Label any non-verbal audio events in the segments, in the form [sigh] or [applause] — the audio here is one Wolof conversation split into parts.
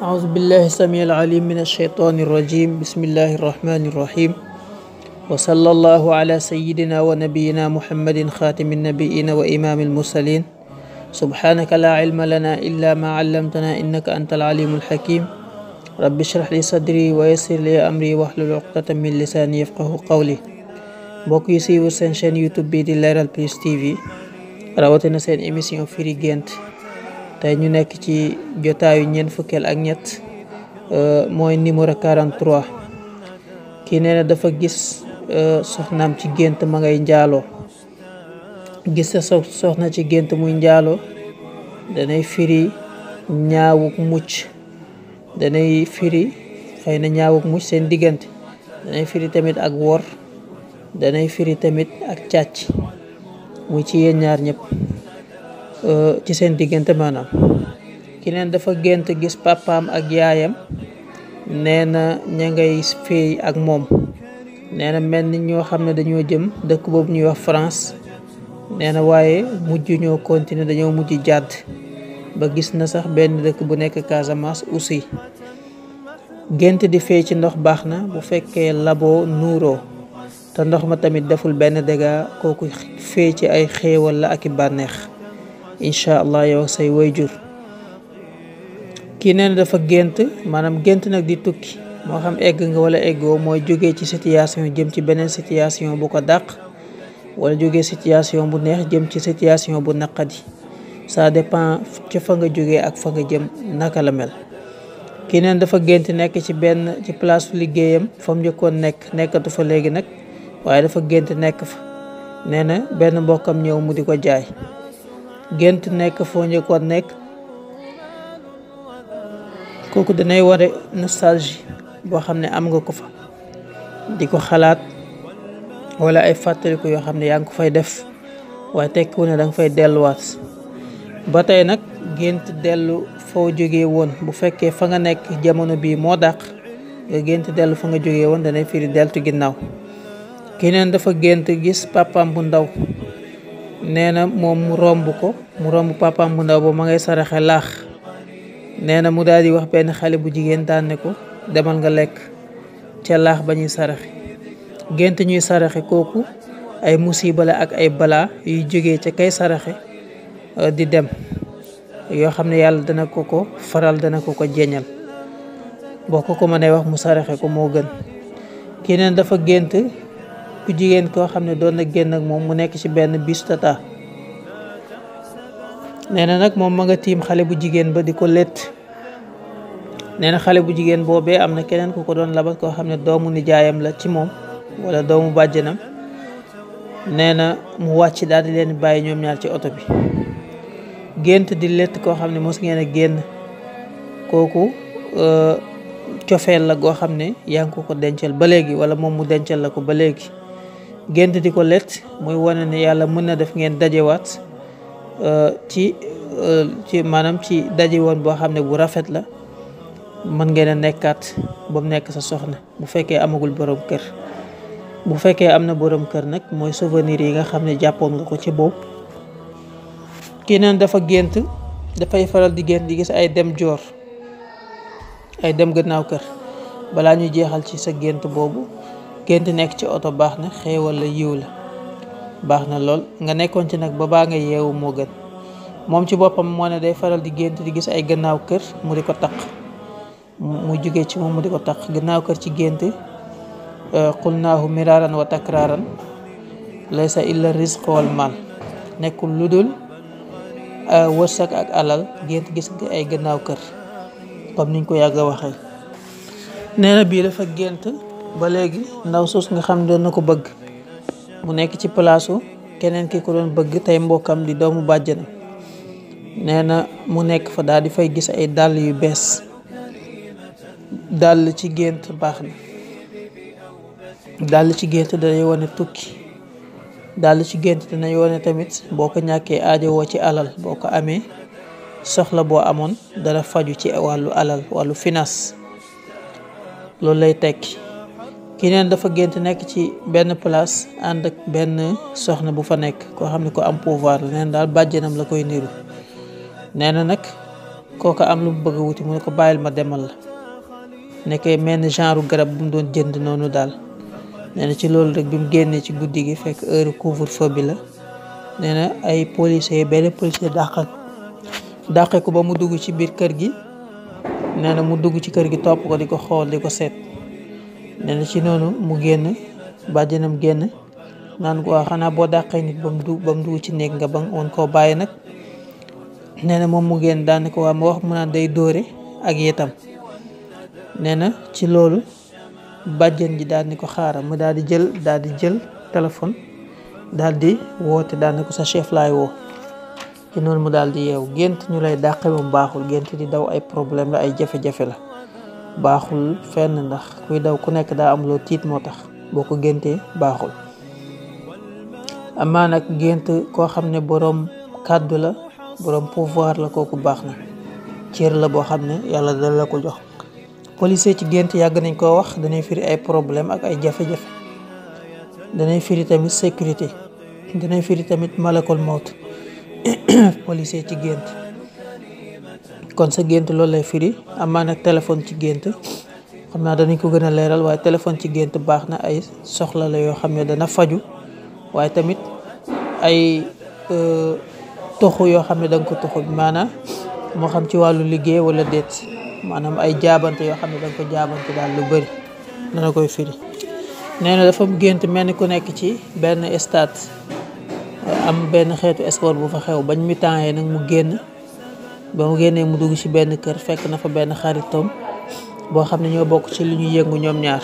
أعوذ بالله السميع العليم من الشيطان الرجيم بسم الله الرحمن الرحيم وصلى الله على سيدنا ونبينا محمد خاتم النبيين وإمام المرسلين سبحانك لا علم لنا إلا ما علمتنا إنك أنت العليم الحكيم رب اشرح لي صدري ويسر لي أمري واحلل عقدة من لساني يفقه قولي بوكي yi siiwu يوتيوب chaîne YouTube بيس تي في Plus TV إميسيون فيري جنت tay ñu nekk ci jotaayu ñen fukkeel ak euh moy numéro 43 ki neena na dafa gis euh, soxnam ci gënt ma ngay ndialo gis sa soxna ci gënt muy da firi ñaawuk mucc danay firi xeyna na ñaawuk mucc seen da danay firi tamit ak wor danay firi tamit ak càcc muy ci yeen ñaar ñep Eh, ci seen diggante maanaam keneen dafa gént gis papaam ak yaayam nee na ña ngay féey ak moom nee na mel ni ñoo xam ne dañoo jëm dëkk boobu ñuy wax France nee na waaye mujj ñoo continuer dañoo mujj jàdd ba gis na sax benn dëkk bu nekk Casamance aussi gént di fee ci ndox baax na bu fekkee labo nuuroo te ndox ma tamit deful benn dégât kooku fee ci ay xéewal la ak i bànneex incha allah yow say jur kii nee dafa gént maanaam gént nag di tukki moo xam egg nga wala eggoo mooy jóge ci situation jëm ci beneen situation bu ko dàq walla jóge situation bu neex jëm ci situation bu naqadi sa dépend ca fa nga jógee ak fa nga jëm naka la mel kii neen dafa gént nekk ci benn ci place liggéeyam fa mu njëkkoon nekk nekkatu fa léegi nag waaye dafa gént nekk fa nee na benn mbokkam ñëw mu di ko jaay gént nekk foo njëkkoon nekk kooku danay ware nostalgie boo xam ne am nga ko fa di ko xalaat wala ay fàttaliku yoo xam ne yaa ngi ko fay def waaye tekkiwu ne da nga fay delluwaat ba tey nag gént dellu foo jógee woon bu fekkee fa nga nekk jamono bii moo dàq nga gént dellu fa nga jógee woon danay firi deltu ginnaaw keneen dafa gént gis papaam bu ndaw nee na moom mu romb ko mu romb papaam bu ndaw ba ma ngay saraxe laax nee na mu daal di wax benn xale bu jigéen tànne ko demal nga lekk ca laax ba ñuy saraxe gént ñuy saraxe kooku ay musiba la ak ay balaa yuy jóge ca kay saraxe euh, di dem yoo xam ne yàlla dana ko ko faral dana ko ko jeñal boo ko ko mënee wax mu saraxe ko moo gën keneen dafa gént ku jigéen koo xam ne doon na génn ak moom mu nekk ci benn bis tata nee na nag moom ma nga tiim xale bu jigéen ba di ko létt nee na xale bu jigéen boobee am na keneen ku ko doon labat koo xam ne doomu nijaayam la ci moom wala doomu bàjjanam nee na mu wàcc daal di leen bàyyi ñoom ñaar ci oto bi gént di létt koo xam ne mos ngeen a génn kooku euh, cofeel la goo xam ne yaa ngi ko ko dencal ba léegi wala moom mu dencal la ko ba léegi gént di ko lett muy wane ne yàlla mën na def ngeen daje dajewaat euh, ci euh, ci maanaam ci daje woon boo xam ne bu rafet la mën ngeen nekkaat ba nekk sa soxna bu fekkee amagul borom kër bu fekkee am na boroom kër nag mooy souvenir yi nga xam ne jàppoon nga ko ci boobu kii neen dafa gént dafay faral di gént di gis ay dem joor ay dem gannaaw kër balaa ñu jeexal ci sa gént boobu gént nekk ci oto baax na xéewal la yiw la baax na lool nga nekkoon ci nag ba baa nga yeewu moo gën moom ci boppam moo ne day faral di gént di gis ay gannaaw kër mu di ko taq mu jóge ci moom mu di ko taq gannaaw kër ci gént euh, qulnaahu miraaran wa takraaran laysa illa risq mal nekkul lu dul euh, wërsëg ak alal gént gis nga ay gannaaw kër comme niñ ko yàgg a waxee nee bii dafa gént ba léegi ndaw suus nga xam ne doon na ko bëgg mu nekk ci palaasu keneen ki ko doon bëgg tey mbokkam di doomu bàjjana nee na mu nekk fa daal di fay gis ay dàll yu bees dàll ci gént baax na dàll ci gént danay wane tukki dàll ci gént danay wane tamit boo ko ñàkkee aajo woo ci alal boo ko amee soxla boo amoon dara faju ci wàllu alal wàllu finance loolu lay tekki ki neen dafa gént nekk ci benn place ànd ak benn soxna bu fa nekk koo xam ne ko am pouvoir la neen daal bàjjenam la koy niru nee na nag kooka am lu mu bëgg a wuti mu ne ko bàyyil ma demal la nekkee menn genre garab bu mu doon jënd noonu daal nee na ci loolu rek bi mu génnee ci guddi gi fekk heure couvre-feu la nee na ay policiers benn policier dàqal dàqe ko ba mu dugg ci biir kër gi nee na mu dugg ci kër gi topp ko di ko xool di ko seet nee ci noonu mu génn bàjjanam génn naan ko xanaa boo dàqee nit ba du dugg ci néeg nga ba woon koo bàyyi nag nee na moom mu génn daane ko waa ma wax mu naan day dóore ak yetam nee na ci loolu bàjjan ji daal ni ko xaaral mu daal di jël daal di jël téléphone daal di woote daal ni ko sa chef laay woo ci noonu mu daal di yeew gént ñu lay dàqe mu baaxul gént di daw ay problème la ay jafe-jafe la baaxul fenn ndax kuy daw ku nekk daa am loo tiit moo tax boo ko géntee baaxul amaa nag gént koo xam ne boroom kàddu la boroom pouvoir la kooku baax na cër la boo xam ne yàlla dana la ko jox policier ci gént yàgg nañ koo wax danay firi ay problème ak ay jafe-jafe danay firi tamit sécurité danay firi tamit malekol mawt [coughs] policier ci gént kon sa gént loolu lay firi amaa nag téléphone ci gént xam naa danañ ko gën a leeral waaye téléphone ci gént baax na ay soxla la yoo xam ne dana faju waaye tamit ay e, toxu yoo xam ne da nga ko toxu maanaam moo xam ci wàllu liggéey wala déet maanaam ay jaabante yoo xam ne da nga ko jaabante daal lu bëri dana koy firi nee na dafa gént mel ni ku nekk ci benn stade am benn xeetu sport bu fa xew bañ mi temps nag mu génn ba mu génnee mu dugg ci benn kër fekk na fa benn xaritam boo xam ne ñoo bokk ci li ñu yëngu ñoom ñaar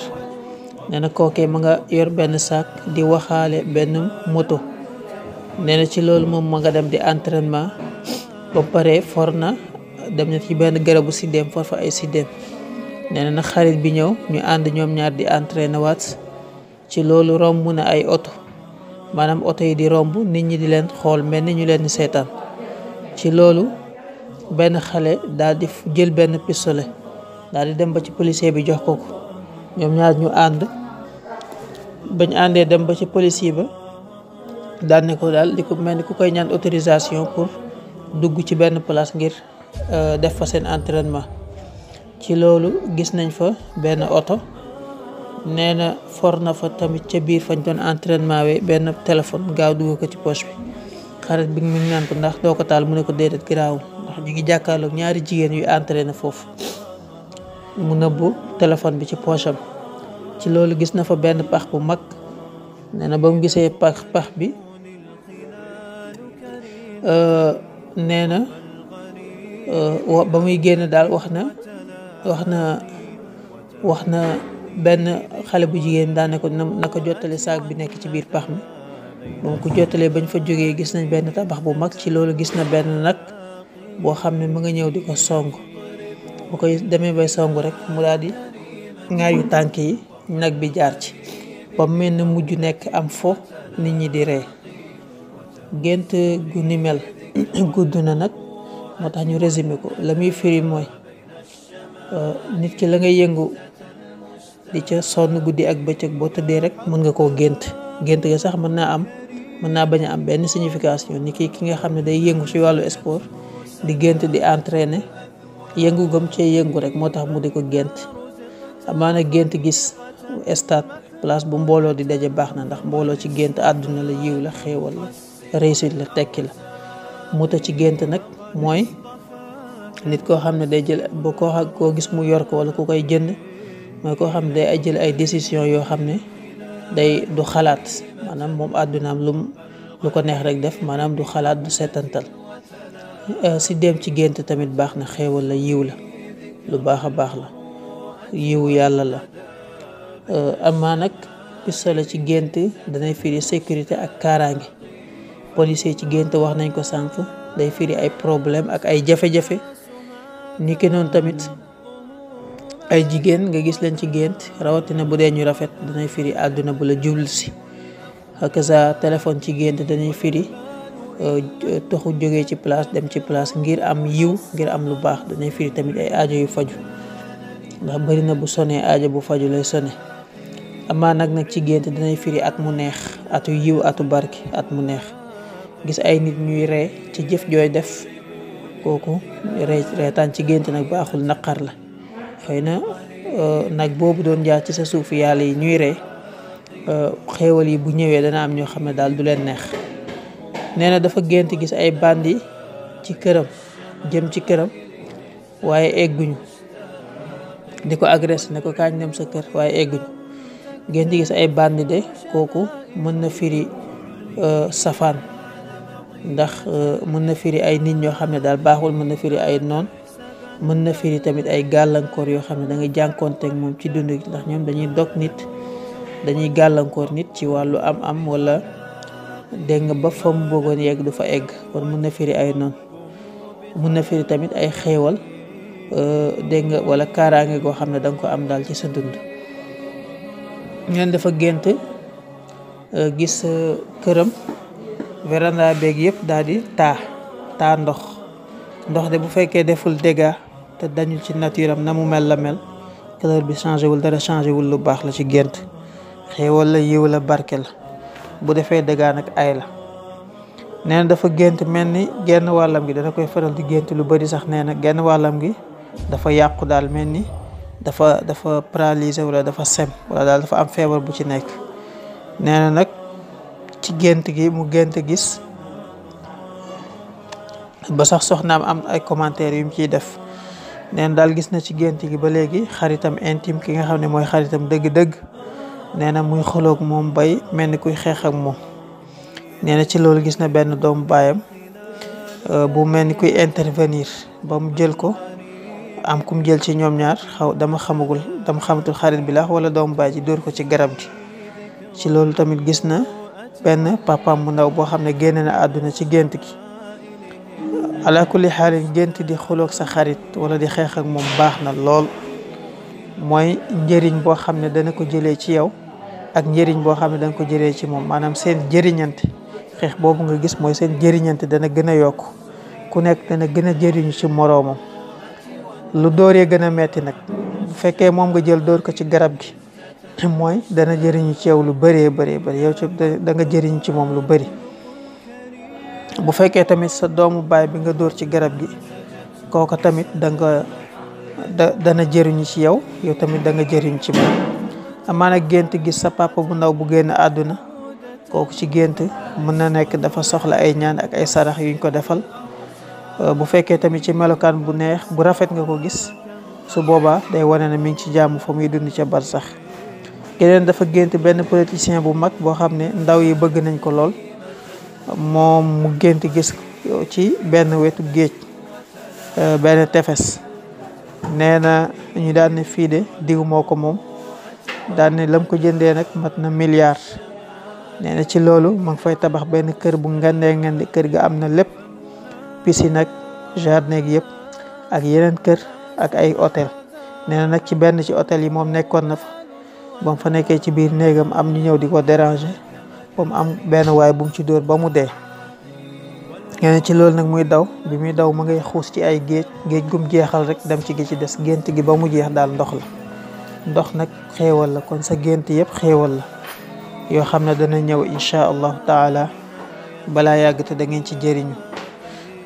nee na kookee ma nga yor benn sac di waxaale benn moto nee na ci loolu moom ma nga dem di entraînement ba pare for na dem na ci benn garabu siddéem for fa ay siddéem nee na xarit bi ñëw ñu ànd ñoom ñaar di entraîné waat ci loolu romb na ay oto maanaam oto yi di romb nit ñi di leen xool mel ni ñu leen seetaan ci loolu benn xale daal di jël benn pistolet daal di dem ba ci policier bi jox ko ko ñoom ñaar ñu ànd bañ àndee dem ba ci policier ba daal ne ko daal di ko mel ni ku koy ñaan autorisation pour dugg ci benn place ngir euh, def fa seen entraînement ci loolu gis nañ fa benn oto nee na for na fa tamit ca biir fañ doon entraînement we benn téléphone gaaw dugg ko ci poche bi xarit bi mu naan ko ndax doo ko taal mu ne ko déedéet giraawul ñu ngi jàkkaarloog ñaari jigéen yu na foofu mu nëbbu téléphone bi ci poche ci loolu gis na fa benn pax bu mag nee na ba gisee pax pax bi euh, nee na euh, ba muy génn daal wax na wax na wax na benn xale bu jigéen daa ne ko ko jottale saag bi nekk ci biir pax mi ba mu ko jottalee bañ fa jógee gis nañ benn tabax bu mag ci loolu gis na benn nag boo xam ne mu nga ñëw di ko song bu koy demee bay song rek mu daal di ŋaayu tànk yi nag bi jaar ci ba mel ne mujj nekk am fo nit ñi di ree gént gu ni mel [clears throat] gudd na nag moo tax ñu résumé ko la muy firi mooy euh, nit ki la ngay yëngu di ca sonn guddi ak bëccëg boo tëddee rek mën nga koo gént gént ga sax mën naa am mën naa bañ a am benn signification ni ki ki nga xam ne day yëngu ci wàllu sport di gent di entraîner yengu gam ci yengu rek motax mu di ko amaana gis stade place bu mbolo di daje baxna ndax mbolo ci gent aduna la yiw la xewal la réussite la tekki la muta ci gent nak moy nit ko xamne day jël bu ko xak ko gis mu yor ko wala ku koy jënd moy ko xam day ay jël ay décision yo xamne day du xalat manam mom aduna lum lu ko neex rek def manam du xalat du setantal Eh, siddéem ci gént tamit baax na xéewal la yiw la lu baax a baax la yiw yàlla la eh, amaa nag pistolet ci gént danay firi sécurité ak kaaraange policier ci gént wax nañ ko sànq day firi ay problème ak ay jafe-jafe niki tamit ay jigéen nga gis leen ci gént rawatina bu dee ñu rafet danay firi àdduna bu la jublu si ak sa téléphone ci gént danay firi Euh, toxu jóge ci place dem ci place ngir am yiw ngir am lu baax danay firi tamit ay aajo yu faju ndax bëri na bu sonee aajo bu faju lay sone amaa nag nag ci gént danay firi at mu neex atu yiw atu barki at mu neex gis ay nit ñuy ree ci jëf jooy def kooku ree ci gént nag baaxul naqar la xëy na euh, nag boobu doon jaar ci sa suuf yàlla yi ñuy ree euh, xéewal yi bu ñëwee dana am ñoo xam ne daal du leen neex nee na dafa gént gis ay bandi ci këram jëm ci këram waaye egguñu di ko agressé ne ko kaañ dem sa kër waaye egguñu gént gis ay bandi de kooku mën na firi euh, safaan ndax euh, mën na firi ay nit ñoo xam ne daal baaxul mën na firi ay noon mën na firi tamit ay gàllankoor yoo xam ne dangay jànkoon jànkoonteeg moom ci dund gi ndax ñoom dañuy dog nit dañuy gàllankoor nit ci wàllu am-am wala dégg nga ba fa mu bëggoon yegg du fa egg kon mun na firi ay noonu mun na firi tamit ay xéewal euh, dégg nga wala kaaraange goo xam ne danga ko am daal ci sa dund ñeen dafa gént euh, gis euh, këram véranda beeg yëpp daal di taa taa ndox ndox de bu fekkee deful dégâts te dañul ci nature am na mu mel la mel couleur bi changé wul dara changé wul lu baax la ci gént xéewal la yiw la barke la bu defee dëggaan ak ay la nee dafa gént mel ni genn wàllam gi dana koy faral di gént lu bëri sax nee na genn wàllam gi dafa yàqu daal mel ni dafa dafa paralysé wala dafa sem wala daal dafa am feebar bu ci nekk nee na nag ci gént gi mu gént gis ba sax soxnaam am ay commentaires yu mu ciy def neen daal gis na ci gént gi ba léegi xaritam intime ki nga xam ne mooy xaritam dëgg-dëgg nee na muy xoloog moom bay mel ni kuy xeex ak moom nee na ci loolu gis na benn doomu baayam euh, bu mel ni kuy intervenir ba mu jël ko am kum jël ci ñoom ñaar xaw dama xamagul dama xamatul xarit bi la wala doomu baay ji dóor ko ci garab gi ci loolu tamit gis na benn papaam mu ndaw boo xam ne génne na àdduna ci gént gi ala li xaalis gént di xoloog sa xarit wala di xeex ak moom baax na lool mooy njëriñ boo xam ne dana ko jëlee ci yow ak njëriñ boo xam ne dana ko jëlee ci moom maanaam seen jëriñante xeex boobu nga gis mooy seen jëriñante dana gën a yokk ku nekk dana gën a jëriñu ci moroomam lu dóoree gën a metti nag bu fekkee moom nga jël dóor ko ci garab gi [clears throat] mooy dana jëriñu ci lu bëree bëree nga jëriñu ci moom lu bëri bu fekkee tamit sa doomu baay bi nga dóor ci garab gi kooka tamit da nga da dana jëriñu ci yow yow tamit da nga jëriñ ci moom amaana gént gis sa papa bu ndaw bu génn àdduna kooku ci gént mën na nekk dafa soxla ay ñaan ak ay sarax yuñ ko defal euh, bu fekkee tamit ci melokaan bu neex bu rafet nga ko gis su boobaa day wane ne mi ci jàmm fa muy dund ca bar sax keneen dafa gént benn politicien bu mag boo xam ne ndaw yi bëgg nañ ko lool moom mu gént gis ci benn wetu géej euh, benn tefes nee na ñu daan ne fii de diw moo ko moom daan ne lam ko jëndee nag mat na milliard nee ci loolu ma ngi fay tabax benn kër bu ngandee ngande kër ga am na lépp piscine nag jardin gi yëpp ak yeneen kër ak ay hôtel nee na nag ci benn ci hôtel yi moom nekkoon na fa ba fa nekkee ci biir néegam am ñu ñëw di ko déranger ba am benn waay bu ci dóor ba mu dee nee ci loolu nag muy daw bi muy daw mu ngay xuus ci ay géej géej gum jeexal rek dem ci gi ci des gént gi ba mu jeex daal ndox la ndox nag xéewal la kon sa gént yëpp xéewal la yoo xam ne dana ñëw incha allahu taala balaa yàgg te da ngeen ci jëriñu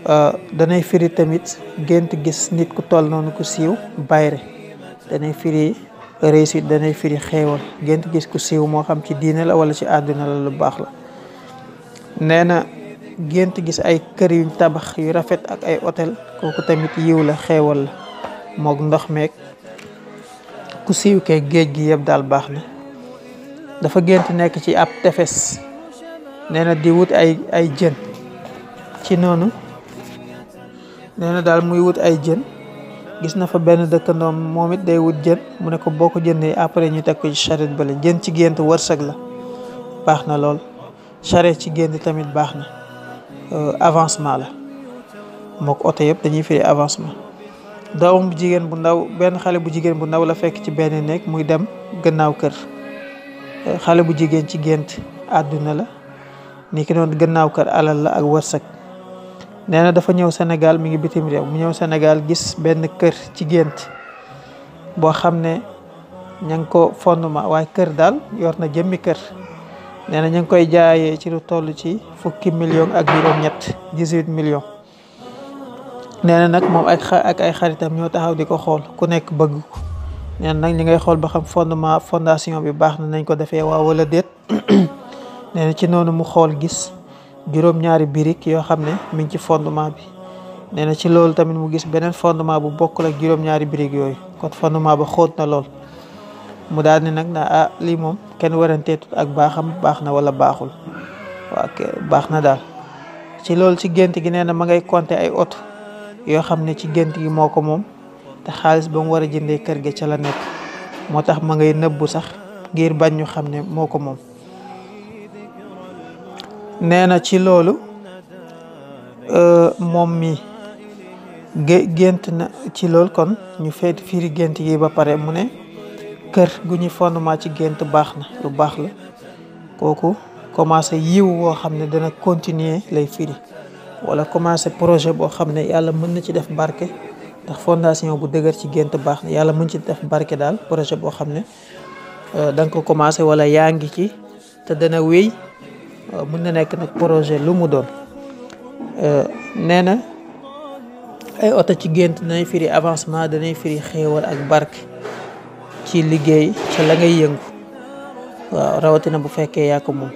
euh, danay firi tamit gént gis nit ku toll noonu ku siiw bayre danay firi réussite danay firi xéewal gént gis ku siiw moo xam ci diine la wala ci àdduna la lu baax la nee gént gis ay kër yuñ tabax yu rafet ak ay otel kooku tamit yiw la xeewal la moog ndox meeg ku siiw kee géej gi yëpp daal baax na dafa gént nekk ci ab tefes nee na di wut ay ay jën ci noonu nee na daal muy wut ay jën gis na fa benn dëkkandoom moom it day wut jën mu ne ko boo ko jëndee après ñu teg ko ci charrette ba la jën ci gént wërsëg la baax na lool charrette ci gént tamit baax na Euh, avancement la mok auto yeb dañuy firi avancement dawum bu jigéen bu ndaw ben xale bu jigen bu ndaw la fekk ci ben nek muy dem gannaaw kër euh, xale bu jigen ci gent aduna la ni ki non gannaaw kër alal la ak neena dafa ñew senegal mi ngi bitim rew mu ñew senegal gis ben kër ci gent bo xamne ne ko fonduma way kër dal yor jëmmi kër nee na ñu ngi koy jaayee ci lu toll ci fukki million ak juróom-ñett dix-huit millions nee na nag moom ak ay xaritam ñoo taxaw di ko xool ku nekk bëgg ko nee nag ñi ngay xool ba xam fondement fondation bi baax na nañ ko defee waaw wala déet [clears throat] nee na ci noonu mu xool gis juróom-ñaari birig yoo xam ne mi ngi ci fondement bi nee ci loolu tamit mu gis beneen fondement bu bokkul ak juróom-ñaari birig yooyu kon fondement ba xoot na lool mu daal ne nag na ah lii moom kenn waranteetut ak baaxam baax na wala baaxul waaw baax na daal ci loolu ci gént gi nee na ma ngay compter ay oto yoo xam ne ci gént gi moo ko moom te xaalis ba mu war a jëndee kër gi ca la nekk moo tax ma ngay nëbbu sax ngir bañ ñu xam ne moo ko moom nee na ci loolu euh, moom mi gént na ci loolu kon ñu feet firi gént gi ba pare mu ne kër gu ñuy fondement ci gént baax na lu baax la kooku commencé yiw woo xam ne dana continuer lay firi wala commencé projet boo xam ne yàlla mën na ci def barke ndax fondation bu dëgër ci gént baax na yàlla mën ci def barke daal projet boo xam ne euh, da nga ko commencé wala yaa ngi ci te dana wéy euh, mën na nekk nag projet lu mu doon euh, nee na ay oto ci gént danay firi avancement danay firi xéewal ak barke ci liggéey ca la ngay yëngu waaw rawatina bu fekkee yaa moom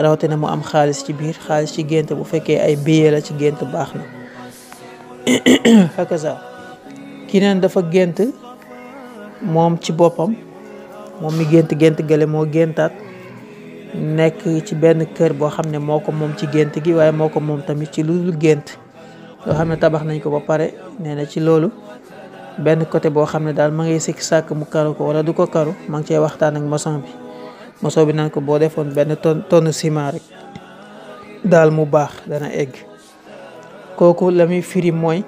rawatina mu am xaalis ci biir xaalis ci gént bu fekkee ay billet la ci gént baax na [clears throat] fekk sa ki neen dafa gént moom ci boppam moom mi gént gént gële moo géntaat nekk ci benn kër boo xam ne moo ko moom ci gént gi waaye moo ko moom tamit ci lu dul gént yoo xam ne tabax nañ ko ba pare nee na ci loolu benn côté boo xam ne daal ma ngay sikk sàkk mu karu ko wala du ko karu ma ngi cee waxtaan ak maçon bi moson bi naan ko boo defoon benn ton tonne ciment rek daal mu baax dana egg kooku la muy firi mooy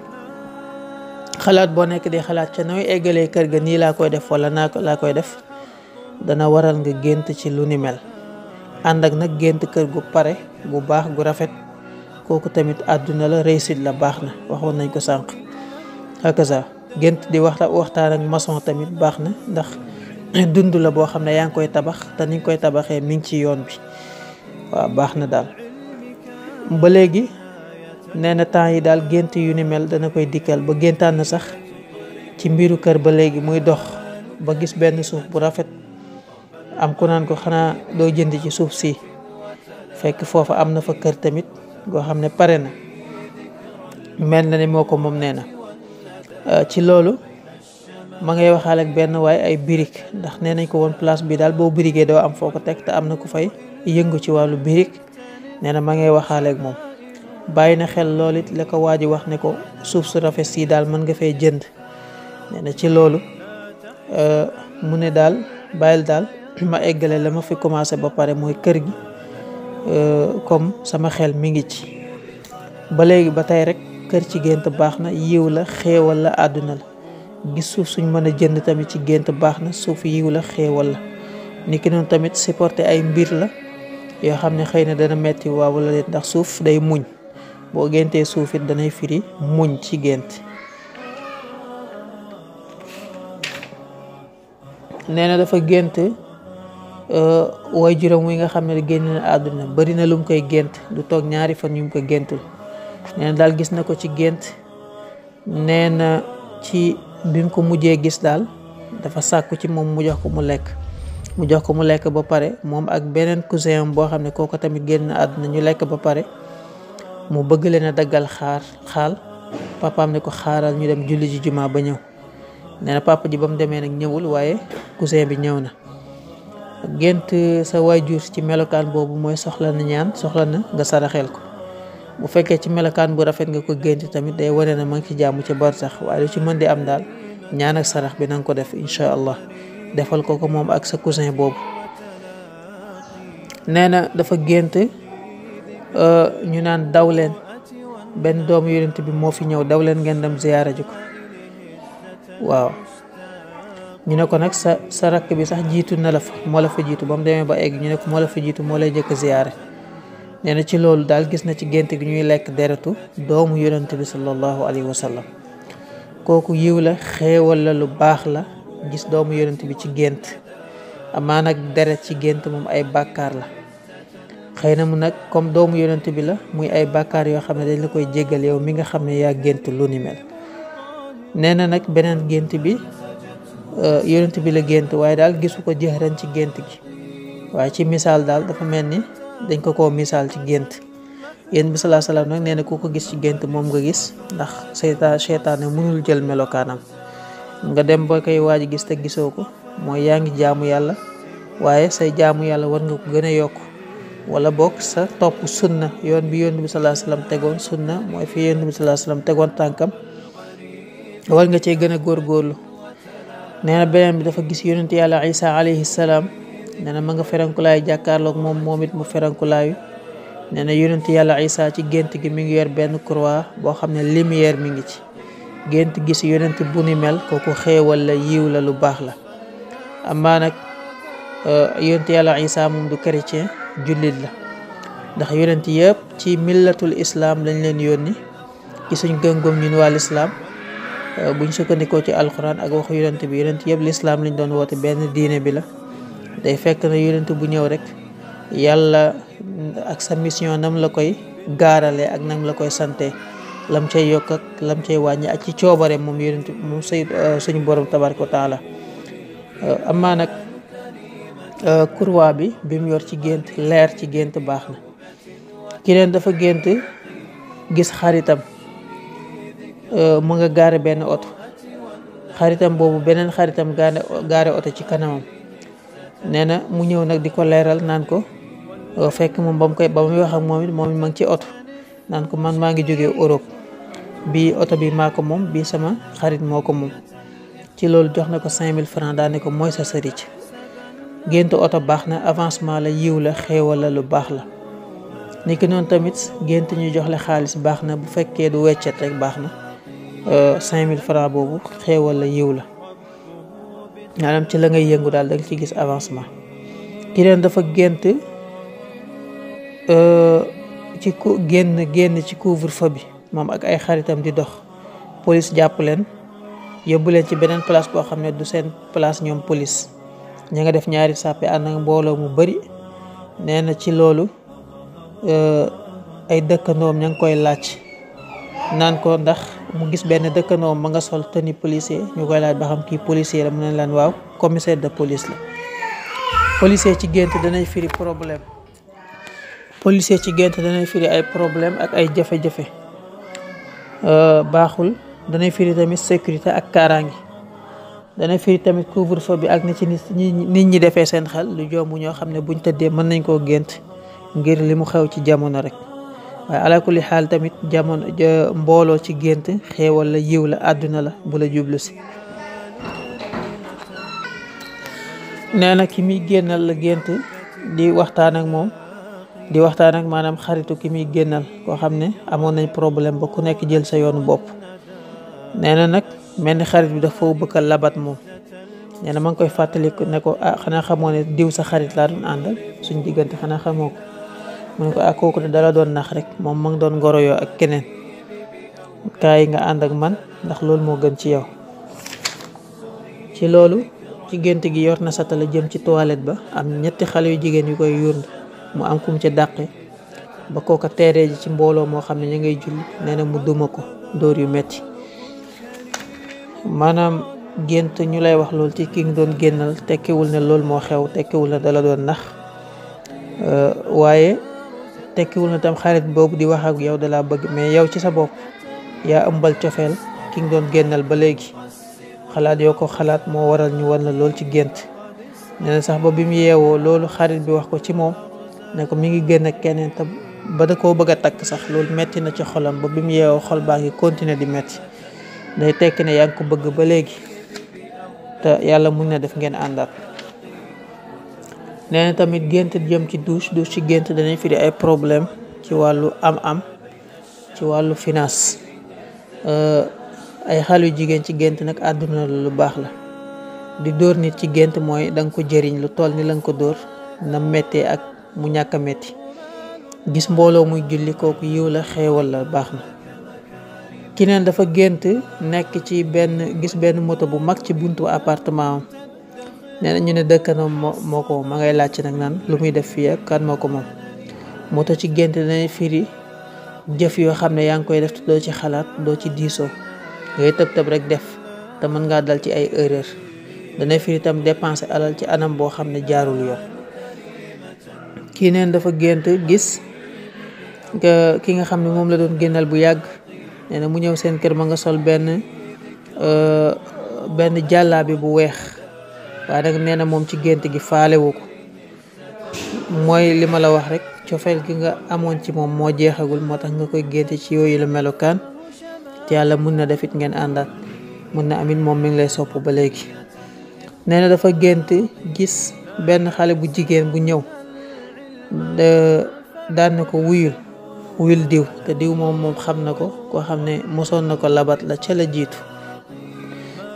xalaat boo nekk di xalaat ca nooy eggalee kër ga nii laa koy def wala naa laa koy def dana waral nga gént ci lu ni mel ànd ak nag gént kër gu pare gu baax gu rafet kooku tamit àdduna la réussite la baax na waxoon nañ ko sànq hakaza gént di waxta waxtaan ak maçon tamit baax na ndax [clears throat] dund la boo xam ne yaa ngi koy tabax te ni nga koy tabaxee mi ngi ci yoon bi waaw baax na daal ba léegi nee na temps yi daal gént yu ni mel dana koy dikkal ba géntaan na sax ci mbiru kër ba léegi muy dox ba gis benn suuf bu rafet am ku naan ko xanaa doo jënd ci suuf si fekk foofu am na fa kër tamit goo xam ne pare na mel na ni moo ko moom nee na Euh, ci loolu ma ngay waxaale ak benn waaye ay birig ndax nee nañ ko woon place bi daal boo birigee doo am foo ko teg te am na ku fay yëngu ci wàllu birig nee na ma ngay waxaaleek moom bàyyi na xel loolit la ko waa ji wax ne ko suuf su rafet si daal mën nga fay jënd nee na ci loolu euh, mu ne daal bàyyil daal [clears throat] ma eggale la ma fi commencé ba pare mooy kër gi euh, comme sama xel mi ngi ci ba léegi ba tey rek kër ci gént baax na yiw la xéewal la àdduna la gis suuf suñ mën a jënd tamit ci gént baax na suuf yiw la xéewal la ki noonu tamit supporter ay mbir la yoo xam ne xëy na dana metti waaw wala déet ndax suuf day muñ boo géntee suuf it danay firi muñ ci gént nee na dafa gént euh, waajuram wi nga xam ne génn na àdduna bari na lu mu koy gént du toog ñaari fan yu mu ko géntul nee daal gis na ko ci gént nee na ci bi mu ko mujjee gis daal dafa sàkku ci moom mu jox ko mu lekk mu jox ko mu lekk ba pare moom ak beneen cousin boo xam ne ko kooku tamit génn àdduna ñu lekk ba pare mu bëgg leen a daggal xaar xaal papaam ne ko xaaral ñu dem julli ji jumaa ba ñëw nee na papa ji ba mu demee nag ñëwul waaye cousin bi ñëw na gént sa waajur ci melokaan boobu mooy soxla na ñaan soxla na nga saraxel ko bu fekke ci melakan bu rafet nga ko genti tamit day wone na ma ci jamu ci bar sax waaye ci mën di am dal ñaan ak sarax bi nang ko def insha allah defal ko ko mom ak sa cousin defa neena dafa genti euh ñu naan dawlen ben benn yoonent bi mo fi ñew dawlen ngeen dem ziyara ji ko waaw ñu ne ko nak sa sa rakk bi sax jitu na la fa mo la fa jitu bam deme ba egg ñu ne ko mo la fa jitu mo lay ziyara nee ci loolu daal gis na ci gént gi ñuy lekk deretu doomu yonent bi sallallahu alayhi wa sallam kooku yiw la xéewal la lu baax la gis doomu yonent bi ci gént amaa nag deret ci gént moom ay bàkkaar la xëy na mu nag comme doomu yonent bi la muy ay bàkkaar yoo xam ne dañ la koy jéggal yow mi nga xam ne yaa gént lu ni mel nee na nag beneen gént bi euh, yonent bi la gént waaye daal gisu ko jëxëran ci gént gi waaye ci misaal daal dafa mel ni dañ ko ko misaal ci gént yéen bi salaa salaam nag nee na ku ko gis ci gént moom nga gis ndax seyta seytaane mënul jël melokaanam nga dem ba koy waaj gis te gisoo ko mooy jaamu yàlla waaye say jaamu yàlla war nga ko wala bok sa sunna yoon bi yoon bi salaa sunna mooy fi yoon bi salaa salaam tegoon tànkam war nga cee gën a góorgóorlu nee na bi dafa gis yonente yàlla isa alayhi salaam nee na ma nga ferankulaayu jàkkaarloog moom moom it mu ferankulaayu nee na yonent yàlla Isa ci gént gi mi ngi yor benn croix boo xam ne lumière mi ngi ci gént gi ci yonent bu ni mel kooku xéewal la yiw la lu baax la amaa nag euh, yonent yàlla Isa moom du chrétien jullit la ndax yonent yëpp ci millatul islaam lañ leen yónni ci suñ gëngoom ñun waa lislaam euh, buñ sukkandikoo ci alquran ak waxu yonent bi yonent yëpp lislaam lañ doon woote benn diine bi la day fekk na yonent bu ñëw rek yàlla ak sa mission nam la koy gaarale ak nam la koy sante lam cay yokk ak lam cay wàññi ak ci coobare moom yonent moom say euh, suñu borom tabaraka wa taala euh, amaa nag euh, kurwa bi bi mu yor ci gént leer ci gént baax na ki leen dafa gént gis xaritam mu nga gaare benn oto xaritam boobu beneen xaritam gaare gaare oto ci kanamam nee na mu ñëw nag di ko leeral naan ko oh, fekk moom ba mu koy ba muy wax ak moom it moom it ma ci oto naan ko man maa ngi jógee Europe bii oto bi maa ko moom bii sama xarit moo ko moom ci loolu jox na ko 5000 francs daa ne ko mooy sa sëriñ gént oto baax na avancement la yiw la xéewal la lu baax la ni ki noonu tamit gént ñu jox la xaalis baax na bu fekkee du weccet rek baax na euh, mille francs boobu xéewal la yiw la manam ci la ngay yëngu dal da ci gis avancement ki leen dafa gént euh, ci ko génn génn ci couvre feu bi moom ak ay xaritam di dox police japp len yobul len ci benen place bo xamne du sen place ñom police ña nga def ñaari sappé and ak mbolo mu bari nee na lolu euh ay dëkkandoom ña ngi koy lacc nan ko ndax mu gis benn dëkkandoo ma nga sol tenue policier ñu koy laaj ba xam kii policier la mu neen leen waaw commissaire de police la policier ci gént danay firi problème policier ci gént danay firi ay problème ak ay jafe-jafe baaxul danay firi tamit sécurité ak kaaraangi danay firi tamit couvre feu bi ak na ci nit nit ñi defee seen xel lu jomb ño xamne buñ mën nañ ko ngir limu xew ci jamono rek waaye ala xaal tamit jamono mbooloo ci gént xéewal la yiw la àdduna la bu la jublu si nee na ki muy génnal la gént di waxtaan ak moom di waxtaan ak maanaam xaritu ki muy génnal koo xam ne amoon nañ problème ba ku nekk jël sa yoonu bopp nee na nag mel ni xarit bi dafa bëgg a labat moom nee na ma ngi koy fàttaliku ne ko ah xanaa xamoo ne diw sa xarit laa doon àndal suñ diggante xanaa xamoo ne ko ak koku dala doon nax rek mom ma doon goro yo ak keneen kay nga and ak man ndax lool mo gën ci yow ci loolu gi yor na satala jëm ci toilette ba am ñetti xale yu jigéen yu koy yund mu am kum ci dàqe ba koka téré ji ci mbolo mo xamne ñi ngay julli néna mu duma ko door yu metti manam gent ñu lay wax lool ci ki doon gennal tekkewul ne lool mo xew tekkewul ne dala doon nax euh waye tekkiwul na tam xarit boobu di wax ak yow da laa bëgg mais yow ci sa bopp yaa ëmbal cofeel ki nga doon génnal ba léegi xalaat yoo ko xalaat moo waral ñu war na loolu ci gént nee na sax ba bi mu yeewoo loolu xarit bi wax ko ci moom ne ko mi ngi génn ak keneen tam ba da koo bëgg a takk sax loolu metti na ci xolam ba bi mu yeewoo xol baa ngi continuer di metti day tekki ne yaa ngi ko bëgg ba léegi te yàlla mun na def ngeen àndaat nena tamit gënte jëm ci douche douche ci gënte danañ fi di ay problème ci walu am-am ci walu finance euh, ay xalu jigen ci gënte nak aduna lu bax la di door nit ci gënte moy dang ko jëriñ lu toll ni lañ ko na metti ak mu ñaka metti gis mbolo muy julli koku yiw la xeewal la baax na dafa gënte nek ci ben gis ben moto bu mag ci buntu appartement nee ñu ne dekk na moko ma ngay lacc nak nan lu muy def fi ak kan moko mom moto ci gént dana firi jëf yo xamne ne koy def do ci xalaat do ci diiso ngay rek def te man nga dal ci ay erreur dana firi tam dépenser alal ci anam bo xamne ne jaarul yo ki neen dafa gént gis ki nga xamne mom la doon génnal bu yagg nee mu ñew seen kër ma nga sol euh ben jalla bi bu weex waye nak nee na ci genti gi faale wuko moy lima la wax rek cofeel gi nga amoon ci mom mo jeexagul motax nga koy genti ci yoyu la melokan te yalla mën na defit ngeen andat mën na amit mom mi ngi lay ba legi neena dafa genti gis ben xale bu jigen bu ñëw daan na ko wuyul wuyul diw te diw mom mom xam nako ko xamne ko labat la ci la jitu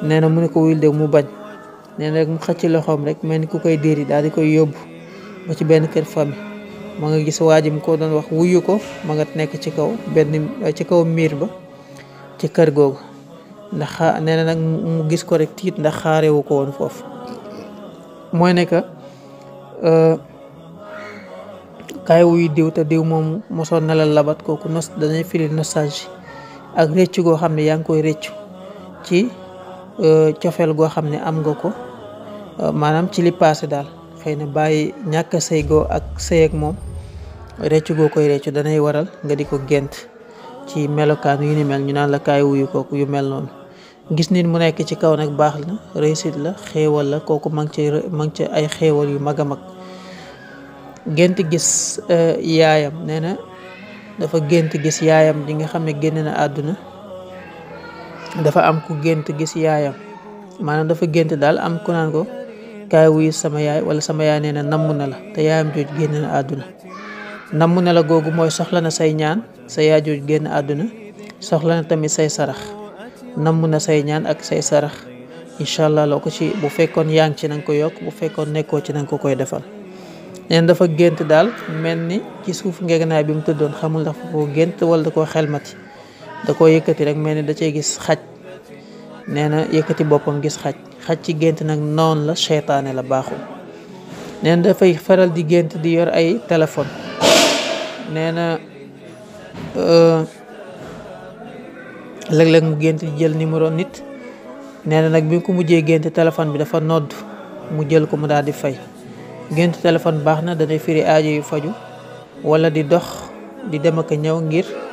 neena mu ne ko wuyul de mu bañ nee na rek mu xëcc loxoom rek mel ni ku koy déeri daal di koy yóbbu ba ci benn kër famille ma nga gis waa ji mu ko doon wax wuyu ko ma nga nekk ci kaw benn ci kaw miir ba ci kër googu ndax xaa nee nag mu gis ko rek tiit ndax xaarewu ko woon foofu mooy ne que euh, kaay wuyu diw te diw moom mosoon na la labat kooku nos dañuy firi nostalgie ak rëccu goo xam ne yaa ngi koy rëccu ci Euh, cofeel goo xam ne am nga ko euh, maanaam ci li paase daal xëy na bàyyi ñàkk sëy goo ak sëy ak moom reccu goo koy reccu danay waral nga di ko gént ci melokaan yu ni mel ñu naan la kaay wuyu kooku yu mel noonu gis nit mu nekk ci kaw nag baax na réussite la xéewal la kooku mang ci mang ci ay xéewal yu mag a mag gént gis euh, yaayam nee na dafa gént gis yaayam di nga xam ne génn na àdduna dafa am ku gënt gis yaayam manam dafa gënt dal am ku nan ko kay wuy sama yaay wala sama yaay neena namu na la te yaayam joj génn na aduna namu na la gogu moy soxla na say ñaan sa yaay joj génn aduna soxla na tamit say sarax namu na say ñaan ak say sarax inshallah allah ko ci bu fekkon yaang ci nang ko yok bu fekkon ci nang ko koy defal neen dafa gënt dal melni ci suuf bi mu tuddon xamul dafa ko gënt wala da xelmati da ko yëkëti rek melni da cey gis xaj neena yëkëti bopam gis xaj xaj ci gënt nak non la shaytané la baaxul neen da fay faral di gënt di yor ay téléphone neena euh léeg-léeg mu gënt jël numéro nit neena nak bi ko mujjé gënt téléphone bi dafa nodd mu jël ko mu daal di fay gënt téléphone baxna da day firi aaji yu faju wala di dox di dem ak ngir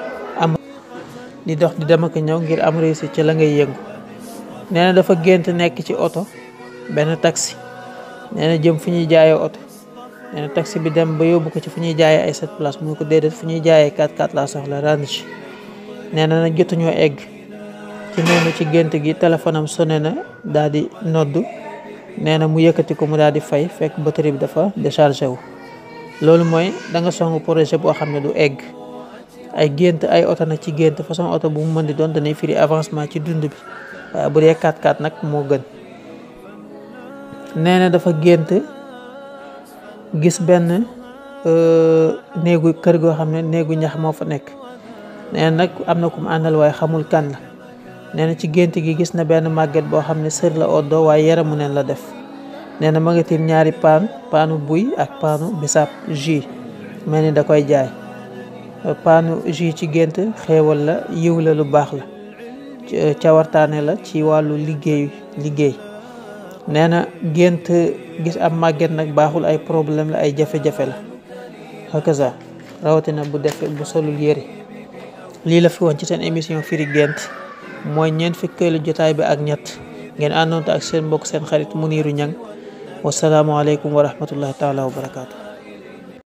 di dox di dem ak ñew ngir am réussi ci la ngay yëngu nee dafa gënt nekk ci auto ben taxi nee jëm fu ñuy jaayee auto nee taxi bi dem ba yóbbu ko ci fu ñuy jaayee ay sept place mu ko déedéet fu ñuy jaayee 4 4 la soxla rànd ci nee na nag ñoo egg ci noonu ci gënt gi téléphone am sonné na daldi noddu nodd mu yëkëti ko mu daldi fay fekk batterie bi dafa déchargé wu lolu moy da nga songu projet bo xam du egg ay gënt ay auto na ci gënt façon auto bu mu mën di firi avancement ci dund bi bu dé 4-4 nak mo gën néna dafa gënt gis euh négu kër go xamné négu ñax mo fa nek néna nak amna kum andal way xamul kan la néna ci gënt gi gis na ben magget bo xamné sër la oddoo waaye yaramu neen la def néna ma nga tim ñaari pan panu buy ak panu bisap ji melni da koy jaay paanu jus ci gént xéewal la yiw la lu baax la euh, cawartaane la ci wàllu liggéey liggéey nee na gént gis ab màgget nag baaxul ay problème la ay jafe-jafe la hakaza rawatina bu def bu solul yëre lii la fi woon ci seen émission firi gént mooy ñeent fukkeelu jotaay bi ak ñett ngeen àndoonte ak seen mbokk seen xarit Muniru Ñang wasalaamualeykum wa rahmatullahi taala wa barakaatu